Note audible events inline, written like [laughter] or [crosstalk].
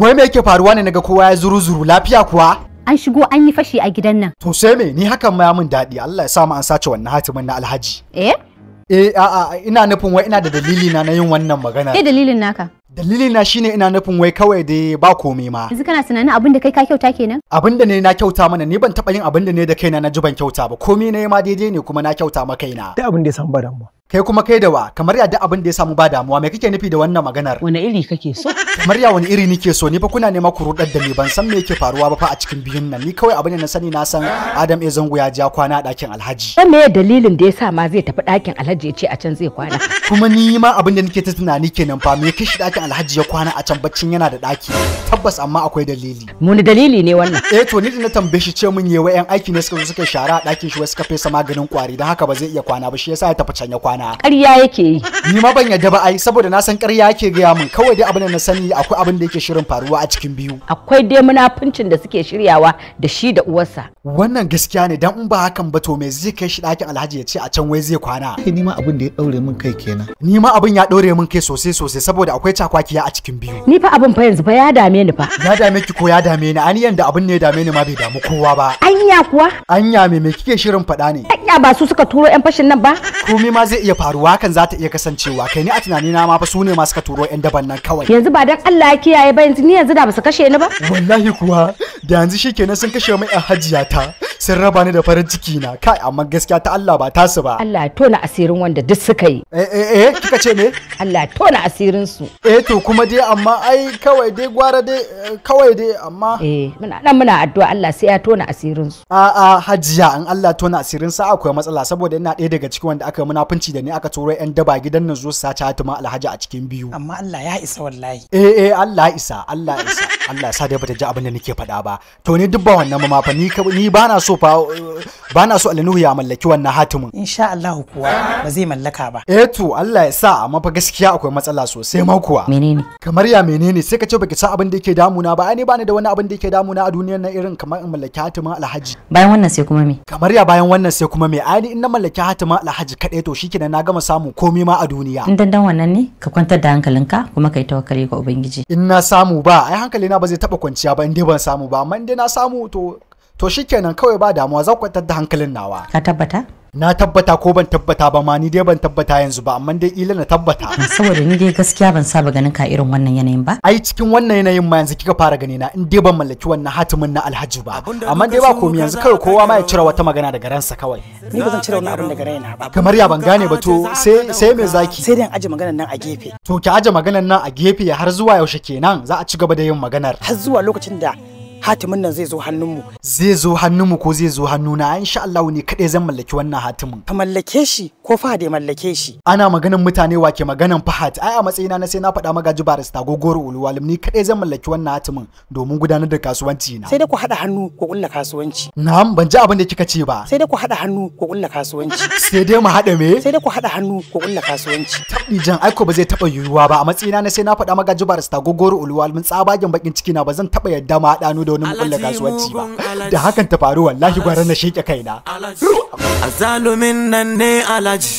wai me yake faruwa ne naga kowa ya zuru zuru lafiya kuwa an shigo an yi fashi a gidan nan to sai me ni hakan ma ya min daɗi Allah ya sa mu an sace wannan hatimin na alhaji eh eh a'a ina nufin wai ina da dalili na na yin wannan magana eh dalilin naka dalili na shine ina nufin wai kawai dai ba komai ma yanzu kana tunanin abin da kai ka kyauta kenan abin da ne na kyauta mana ni ban taba yin abin da ne da kaina na ji ban kyauta ba komai ne ma daidai ne kuma na kyauta maka ina da abin da ya san ba kai kuma kai da wa kamar ya duk abin da ya samu ba damuwa me kake nufi da wannan maganar wani iri kake so kamar ya wani iri nike so ni fa kuna nema ku rudar da ni ban san me yake faruwa ba fa a cikin biyun nan ni kawai abin da na sani na san Adam ya zango ya ja kwana a dakin Alhaji dan me dalilin da yasa ma zai tafi dakin Alhaji ya ce a can zai kwana kuma ni ma abin da nike ta tunani kenan fa me shi dakin Alhaji ya kwana a can baccin yana da daki tabbas amma akwai dalili muni dalili ne wannan eh to ni da na tambaye shi ce mun yewa yan aiki ne suka zo suka shara dakin shi wai suka fesa maganin kwari dan haka ba zai iya kwana ba shi yasa ya tafi can ya kwana na ƙarya yake yi ni ma ban yadda ba ai saboda na san ƙarya yake gaya min kawai dai abin da na sani akwai abin da yake shirin faruwa a cikin biyu akwai dai munafincin da suke shiryawa da shi da uwarsa wannan gaskiya ne dan in ba hakan ba to me zai kai shi ɗakin alhaji ya ce a can wai zai kwana ni ma abin da ya ɗaure min kai kenan ni ma abin ya ɗaure min kai sosai sosai saboda akwai cakwakiya a cikin biyu ni fa abin fa yanzu fa ya dame ni fa ya dame ki ko ya dame ni ani yanda abin ne ya dame ni ma bai damu kowa ba anya kuwa anya me me kike shirin faɗa ne anya ba su suka turo yan fashin nan ba komai ma zai iya faruwa kan za ta iya kasancewa kai ni a tunani na ma fa su ne ma suka turo yan daban nan kawai yanzu ba dan Allah ya kiyaye ba yanzu ni yanzu da ba su kashe ni ba wallahi kuwa da yanzu shikenan sun kashe mai hajiya ta ta sun raba ni da farin ciki na kai amma gaskiya ta Allah ba ta su ba Allah ya tona asirin wanda duk suka yi eh eh eh kika ce me Allah ya tona asirin su eh to kuma dai amma ai kawai dai gwara dai eh, kawai dai amma eh muna nan muna addu'a Allah sai ya tona asirin su a a hajiya in Allah tona asirin sa akwai matsala saboda ina ɗaya daga cikin wanda aka munafunci da ni aka turo yan daba gidan nan zo su sace Hatima Alhaji a cikin biyu amma Allah ya isa wallahi eh eh Allah ya isa Allah ya isa Allah ya sa dai bata ji abin da nake faɗa ba to ni duk ba wannan ma fa ni ni bana so fa eh, bana so Alinuhu ya mallaki wannan hatimin insha Allah kuwa ba zai mallaka ba eh to Allah ya sa amma fa gaskiya akwai matsala sosai ma kuwa menene kamar ya menene sai ka ce baki san abin da yake damuna ba ai bani da wani abin da yake damuna a duniyar nan irin kamar in mallaki hatimin Alhaji bayan wannan sai kuma me kamar ya bayan wannan sai kuma me ai in na mallaki hatimin Alhaji kadai to shikenan na gama samun komai ma a duniya in dandan wannan ne ka kwantar da hankalinka kuma kai tawakkali ga ubangiji in na samu ba ai hankali ba zai taba kwanciya ba in dai ban samu ba amma in na samu to to shikenan kawai ba damuwa zaku kwantar da hankalin nawa ka tabbata na tabbata ko ban tabbata ba ma ni dai ban tabbata yanzu ba amma dai ila na tabbata [laughs] saboda ni dai gaskiya ban saba ganin ka irin wannan yanayin ba ai cikin wannan yanayin ma yanzu kika fara gani na in dai ban mallaki wannan hatimin na alhaji ba amma dai ba komai yanzu kawai kowa ma ya cira wata magana daga ransa kawai ni ba zan cire wani abu daga raina ba kamar ya ban gane ba to sai sai me zaki sai dan aje maganar nan a gefe to ki aje maganar nan a gefe har zuwa yaushe kenan za a ci gaba da yin maganar har zuwa lokacin da hatimin nan zai zo hannunmu zai zo hannunmu ko zai zo hannuna insha Allah ne kadai zan mallaki wannan hatimin ka mallake shi ko fa da mallake shi ana maganan mutane wa ke maganan fahad ai a matsayina na sai na faɗa maka ji barista gogoro ulwalim ni kadai zan mallaki wannan hatimin domin gudanar da kasuwanci na sai da ku haɗa hannu ku kulla kasuwanci na'am ban ji abin da kika ce ba sai da ku haɗa hannu ku kulla kasuwanci sai dai mu haɗa me sai da ku haɗa hannu ku kulla kasuwanci tabbi jan aiko ba zai taɓa yiwuwa ba a matsayina na sai na faɗa maka ji barista gogoro ulwalim tsabagen bakin ciki na ba zan taɓa yadda ma haɗa hannu da na mukulla kasuwanci ba da hakan ta faru wallahi gwara na sheke kaina azalumin nan ne alaji